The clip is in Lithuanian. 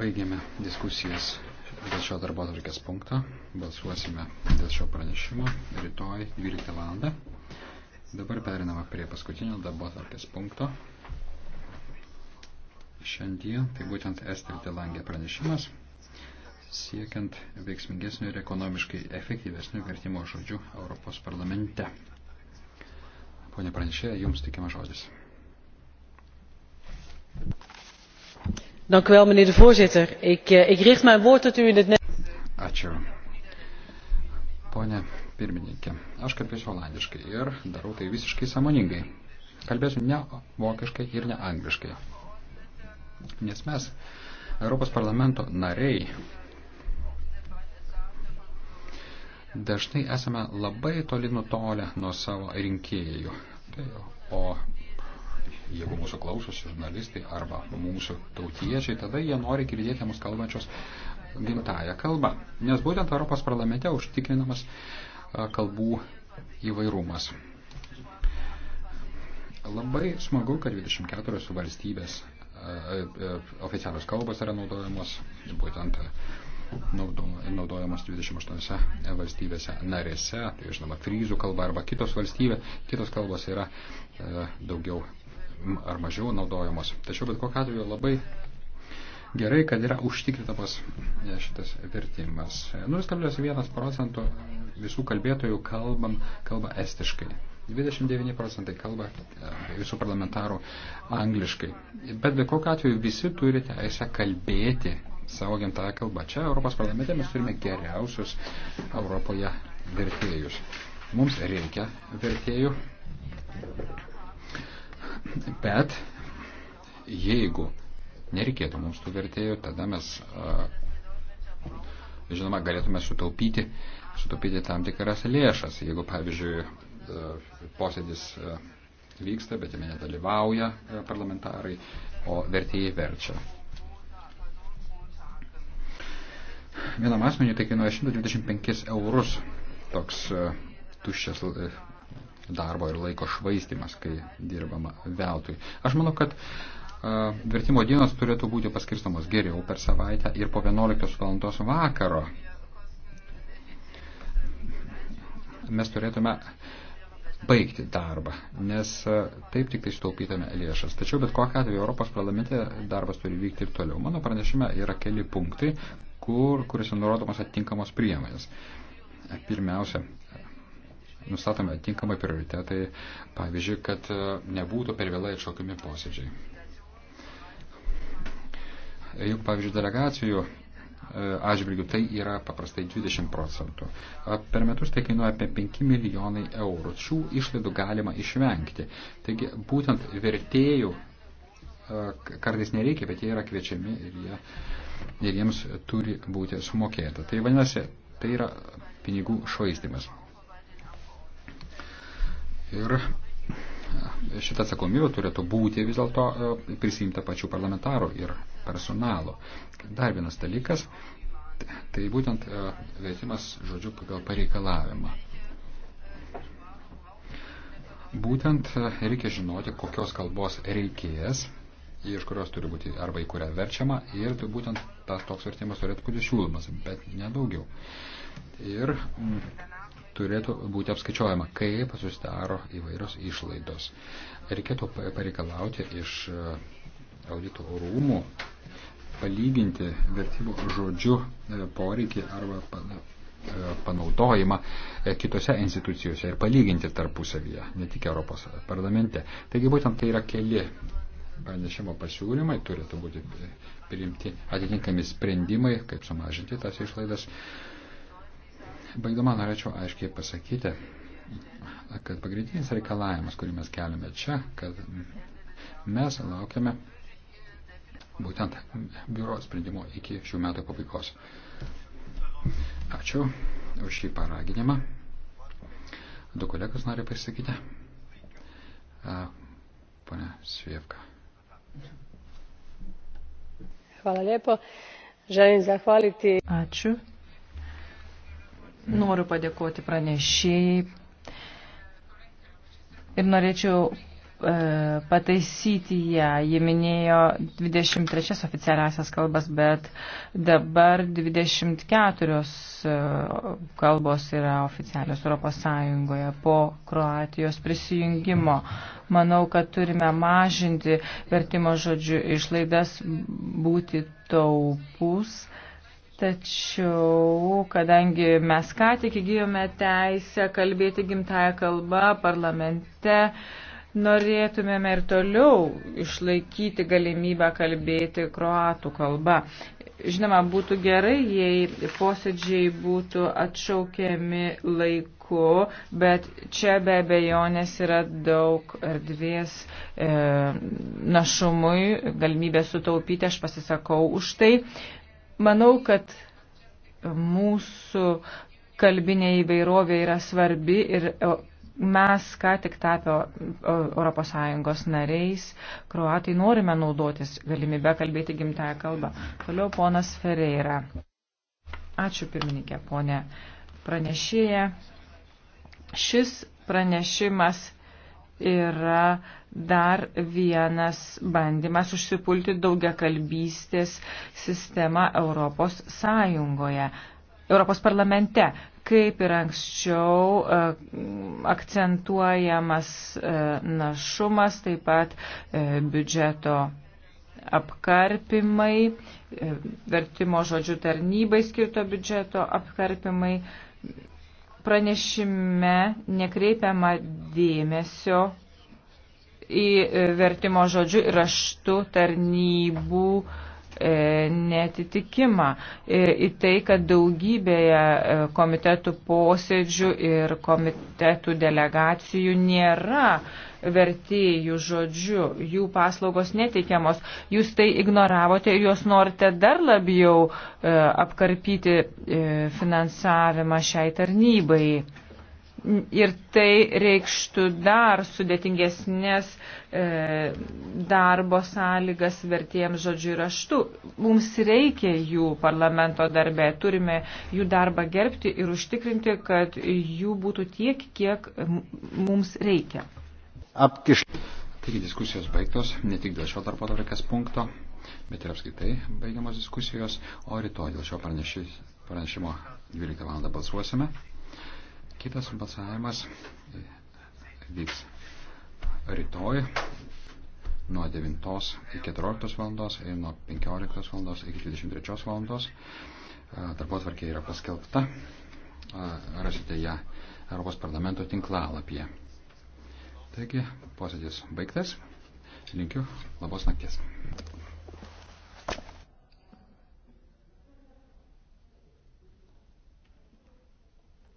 Baigiame diskusijas dėl šio darbo atvarkės punkto. Balsuosime dėl šio pranešimo rytoj 12 val. Dabar perinama prie paskutinio darbo atvarkės punkto. Šiandien tai būtent Ester Telangė pranešimas siekiant veiksmingesnio ir ekonomiškai efektyvesnio vertimo žodžių Europos parlamente. Pone pranešėja, jums tikima žodis. voorzitter eh, ik richt mijn woord tot u in het nederlands. Tai kalbėsiu ne vokiškai ir ne angliškai. Nes mes, Europos parlamento nariai, dažnai esame labai toli nutolę nuo savo rinkėjų. Tai, o jeigu mūsų klausosi žurnalistai arba mūsų tautiečiai, tada jie nori girdėti mus kalbančios gimtają kalbą. Nes būtent Europos parlamente užtikrinamas kalbų įvairumas. Labai smagu, kad 24 valstybės oficialios kalbos yra naudojamos, būtent naudojamos 28 valstybėse narėse, tai žinoma, fryzų kalba arba kitos valstybės, kitos kalbos yra daugiau ar mažiau naudojamos. Tačiau bet kokiu atveju labai gerai, kad yra užtikrinamas e, šitas vertimas. 0,1 procentų visų kalbėtojų kalbam, kalba estiškai. 29 procentai kalba e, visų parlamentarų angliškai. Bet be kokio atveju visi turi teisę kalbėti savo gimtąją kalbą. Čia Europos parlamente mes turime geriausius Europoje vertėjus. Mums reikia vertėjų. Bet jeigu nereikėtų mums tų vertėjų, tada mes, žinoma, galėtume sutaupyti, sutaupyti tam tikras lėšas. Jeigu, pavyzdžiui, posėdis vyksta, bet jame nedalyvauja parlamentarai, o vertėjai verčia. Vienam asmeniui tai kainuoja 125 eurus toks tuščias darbo ir laiko švaistimas, kai dirbama veltui. Aš manau, kad uh, vertimo dienos turėtų būti paskirstamos geriau per savaitę ir po 11 valandos vakaro. Mes turėtume baigti darbą, nes uh, taip tik tai sutaupytume lėšas. Tačiau bet kokia atveju Europos parlamente darbas turi vykti ir toliau. Mano pranešime yra keli punktai, kur, kuriuose nurodomos atitinkamos priemonės. Pirmiausia, nustatome tinkamai prioritetai, pavyzdžiui, kad e, nebūtų per vėlai atšaukiami posėdžiai. Juk, pavyzdžiui, delegacijų e, atžvilgių tai yra paprastai 20 procentų. Per metus tai kainuoja apie 5 milijonai eurų. Šių išlaidų galima išvengti. Taigi būtent vertėjų e, kartais nereikia, bet jie yra kviečiami ir, jie, ir jiems turi būti sumokėta. Tai vadinasi, tai yra pinigų švaistimas. Ir e, šitą atsakomybę turėtų būti vis dėlto e, prisimta pačių parlamentarų ir personalo. Dar vienas dalykas, tai būtent e, veitimas, žodžiu, pagal pareikalavimą. Būtent reikia žinoti, kokios kalbos reikės, iš kurios turi būti arba į kurią verčiama, ir tai būtent tas toks vertimas turėtų būti siūlomas, bet nedaugiau. Ir mm, turėtų būti apskaičiuojama, kaip susidaro įvairios išlaidos. Reikėtų pareikalauti iš e, audito rūmų palyginti vertybų žodžių e, poreikį arba e, panaudojimą kitose institucijose ir palyginti tarpusavyje, ne tik Europos parlamente. Taigi būtent tai yra keli pranešimo pasiūlymai, turėtų būti priimti atitinkami sprendimai, kaip sumažinti tas išlaidas. Baigdama norėčiau aiškiai pasakyti, kad pagrindinis reikalavimas, kurį mes keliame čia, kad mes laukiame būtent biuro sprendimo iki šių metų pabaigos. Ačiū už šį paraginimą. Du kolegos nori pasisakyti. Pane Svievka. Hvala lijepo. Želim zahvaliti. Ačiū. Noriu padėkoti pranešėjai ir norėčiau e, pataisyti ją. Ji minėjo 23 oficialiasias kalbas, bet dabar 24 e, kalbos yra oficialios Europos Sąjungoje po Kroatijos prisijungimo. Manau, kad turime mažinti vertimo žodžių išlaidas, būti taupus. Uh, Tačiau, kadangi mes ką tik įgyjome teisę kalbėti gimtają kalbą parlamente, norėtumėme ir toliau išlaikyti galimybę kalbėti kroatų kalbą. Žinoma, būtų gerai, jei posėdžiai būtų atšaukiami laiku, bet čia be abejonės yra daug erdvės e, našumui, galimybė sutaupyti, aš pasisakau už tai. Manau, kad mūsų kalbinė įvairovė yra svarbi ir e, mes, ką tik tapę ES nariais, kruatai norime naudotis galimybę kalbėti gimtają kalbą. Toliau ponas Ferreira. Ačiū pirmininkė, ponė pranešėja. Šis pranešimas yra dar vienas bandymas užsipulti daugiakalbystės sistemą Europos Sąjungoje. Europos parlamente, kaip ir anksčiau, e, akcentuojamas e, našumas, taip pat e, biudžeto apkarpimai, vertimo žodžių tarnybai skirto biudžeto apkarpimai Pranešime nekreipiama dėmesio į vertimo žodžių ir raštų tarnybų E, netitikimą e, į tai, kad daugybėje e, komitetų posėdžių ir komitetų delegacijų nėra vertėjų žodžių, jų paslaugos neteikiamos. Jūs tai ignoravote ir jūs norite dar labiau e, apkarpyti e, finansavimą šiai tarnybai. Ir tai reikštų dar sudėtingesnės e, darbo sąlygas vertėjams žodžiu ir raštu. Mums reikia jų parlamento darbę, turime jų darbą gerbti ir užtikrinti, kad jų būtų tiek, kiek mums reikia. Apkiš. Taigi diskusijos baigtos, ne tik dėl šio tarpo tvarkės punkto, bet ir apskaitai baigiamos diskusijos, o rytoj dėl šio pranešimo 12 val. balsuosime. Kitas balsavimas vyks rytoj nuo 9 iki 14 valandos ir nuo 15 valandos iki 23 valandos. Darbotvarkė yra paskelbta. Rasite ją Europos parlamento tinklalapyje. Taigi, posėdis baigtas. Linkiu labos nakties.